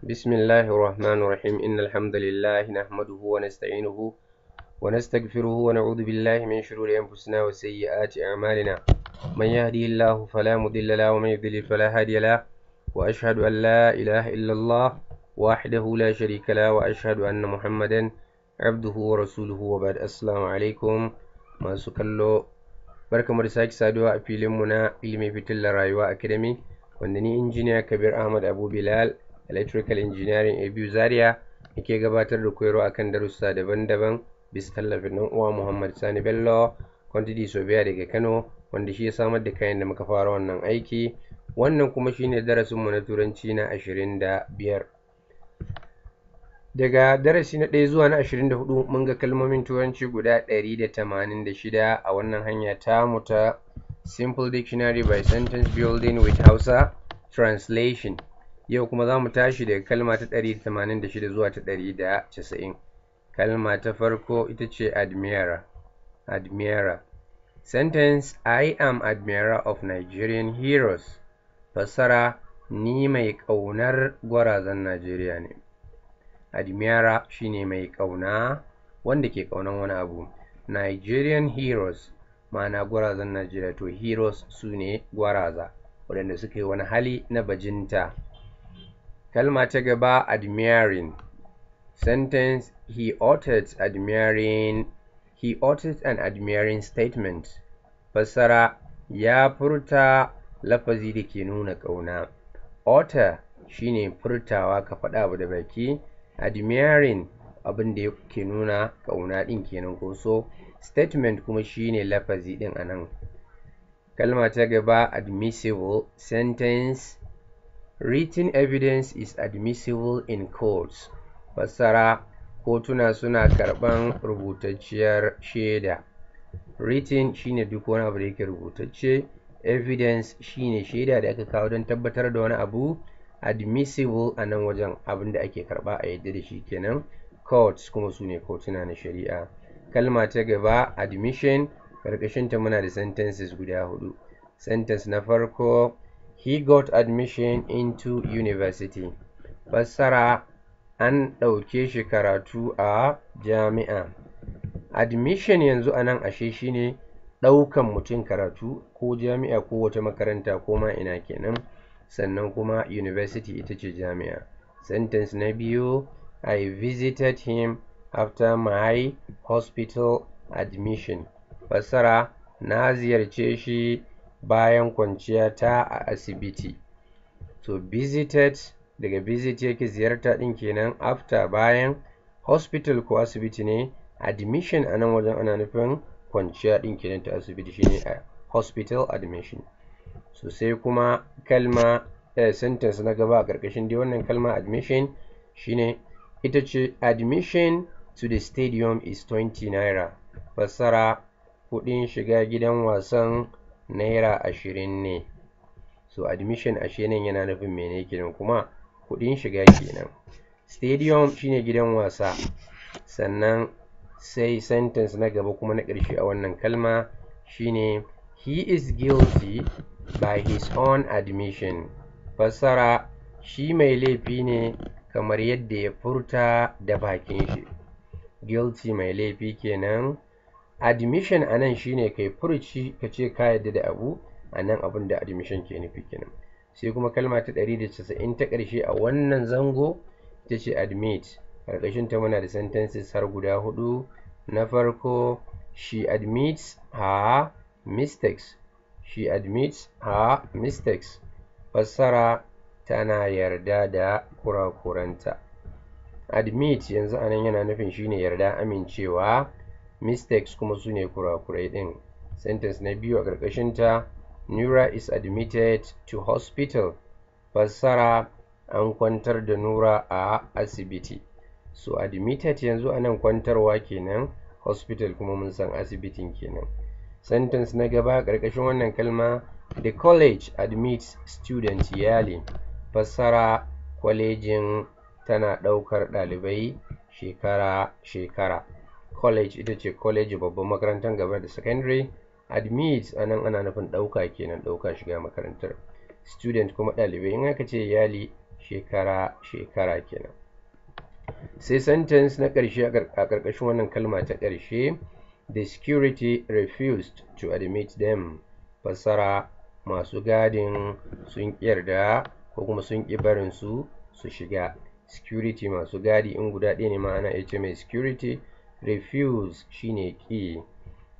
بسم الله الرحمن الرحيم إن الحمد لله نحمده ونستعينه ونستغفره ونعوذ بالله من شرور أنفسنا وسيئات أعمالنا من يهدي الله فلا مضل له ومن يضلل فلا هادي له وأشهد أن لا إله إلا الله وحده لا شريك له وأشهد أن محمدا عبده ورسوله وبعد السلام عليكم ما سكلو barka mu da sake saduwa a filinmu na ilimi fitillar rayuwa academy wanda ni injiniya kabir ahmad abu bilal electrical engineering a biyu zaria yake gabatar da koyarwa akan darussa daban-daban bisa tallafin ɗan uwa muhammad sani bello kwantiti sobiya daga kano wanda shi ya samar da kayan da muka fara wannan aiki wannan kuma shine darasinmu na turanci na ashirin da biyar daga darasi na ɗaya zuwa na ashirin da hudu mun ga kalmomin turanci guda ɗari da tamanin da shida a wannan hanya ta ta simple dictionary by sentence building with hausa translation yau kuma za mu tashi daga kalma ta 186 zuwa ta casa'in? kalma ta farko ita ce admira admira sentence i am admira of nigerian heroes fassara ni mai ƙaunar gwarazan najeriya ne admira shine mai ƙauna wanda ke ƙaunan wani abu nigerian heroes ma'ana gwarazan najeriya to heroes su ne gwaraza waɗanda suka yi wani hali na bajinta Kalma ta gaba admiring. Sentence He uttered admiring He uttered an admiring statement. Fassara ya furta lafazi da ke nuna ƙauna. Utter shine furtawa ka faɗa abu da baki. Admiring abin da ke nuna ƙauna ɗin kenan ko so. Statement kuma shine lafazi ɗin anan Kalma ta gaba admissible sentence Written evidence is admissible in courts. Fassara kotuna suna karɓan rubutacciyar shaida. Written shine duk wani abu da yake rubutacce, evidence shine shaida da aka kawo don tabbatar da wani abu, admissible a nan wajen abin da ake karɓa a yadda da shi kenan, courts kuma su ne kotuna na shari'a. Kalma ta gaba admission, ƙarƙashinta muna da sentences guda huɗu. Sentence na farko He got admission into university. Fassara: An ɗauke shi karatu a jami'a. Admission yanzu anan ashe shi ne ɗaukan mutum karatu ko jami'a ko wata makaranta ko ma ina kenan, sannan kuma university ita ce jami'a. Sentence na biyu I visited him after my hospital admission. Fassara: Na ziyarce shi bayan kwanciya ta a asibiti to visited daga visit yake ziyarta ɗin kenan after bayan hospital ko asibiti ne admission a nan wajen ana nufin kwanciya ɗin kenan ta asibiti shine a hospital admission so sai kuma kalma eh, sentence na gaba a ƙarƙashin dai wannan kalma admission shine ita ce admission to the stadium is 20 naira fassara kuɗin shiga gidan wasan naira ashirin ne so admission ashe nan yana nufin mene kenan kuma kuɗin shiga kenan stadium shine gidan wasa sannan sai sentence na gaba kuma na ƙarshe a wannan kalma shine he is guilty by his own admission fassara shi mai laifi ne kamar yadda ya furta da bakin shi guilty mai laifi kenan admission a nan shi ne kai furuci ka ce ka yadda da abu a nan abin da admission ke nufi kenan sai kuma kalma ta 190 ta ƙarshe a wannan zango ita ce admit ƙarƙashin ta muna da sentences har guda hudu na farko she admits her mistakes she admits her mistakes fassara tana yarda da kurakuranta admit yanzu anan yana nufin shine yarda amincewa mistakes kuma su ne kura kurakurai ɗin sentence na biyu a ƙarƙashinta nura is admitted to hospital fassara an kwantar da nura a asibiti so admitted yanzu anan kwantarwa kenan hospital kuma mun san asibitin kenan sentence na gaba a ƙarƙashin wannan kalma the college admits student Yali fassara kwalejin tana ɗaukar ɗalibai shekara-shekara college ita ce college babban makarantar gaba da secondary admit a nan ana nufin ɗauka kenan ɗauka shiga makarantar student kuma ɗalibai in aka ce yali shekara shekara kenan sai sentence na ƙarshe a ƙarƙashin wannan kalma ta ƙarshe the security refused to admit them fassara masu gadin sun yarda ko kuma sun ƙi barin su su shiga security masu gadi in guda ɗaya ne ma ana iya ce mai security refuse shine ƙi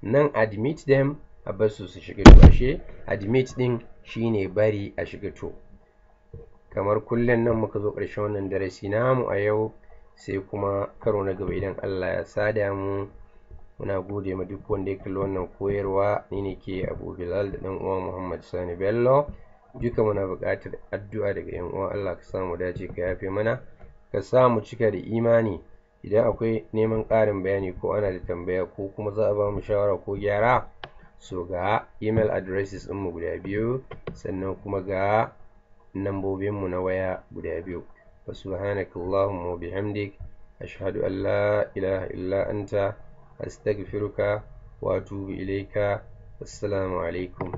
nan admit them a bar su shiga to ashe admit din shine bari a shiga to kamar kullum nan muka zo ƙarshen wannan darasi namu a yau sai kuma karo na gaba idan Allah ya sada mu muna gode ma duk wanda ya kalli wannan koyarwa ni ne ke Abu Bilal da ɗan uwa Muhammad Sani Bello duka muna buƙatar addu'a daga 'yan uwa Allah ka samu dace ka yafe mana ka samu cika da imani idan akwai neman ƙarin bayani ko ana da tambaya ko kuma za a ba mu shawara ko gyara so ga email addresses mu guda biyu sannan kuma ga lambobinmu na waya guda biyu wa subhanaka allahumma bihamdik ashhadu an la ilaha illa anta astaghfiruka wa atubu ilaika assalamu alaikum